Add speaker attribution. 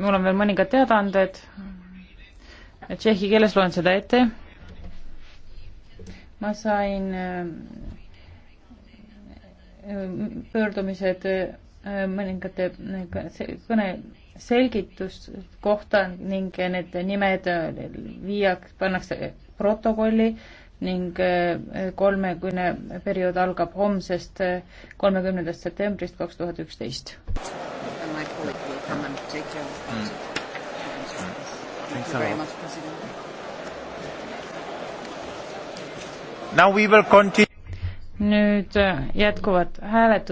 Speaker 1: mul on veel mõningad teadaanded. Tšehhi keeles
Speaker 2: loen seda ette.
Speaker 1: ma sain äh, pöördumised äh, mõningate äh, kõne selgitust kohta ning need nimed viiak-, pannakse protokolli ning kolmekümne periood algab homsest, kolmekümnendast septembrist kaks tuhat üksteist.
Speaker 3: Parliament particular. Mm. It. Thank Thanks you very much, President.
Speaker 4: Now we will continue.
Speaker 5: nüüd
Speaker 6: äh, jätkuvad hääletused.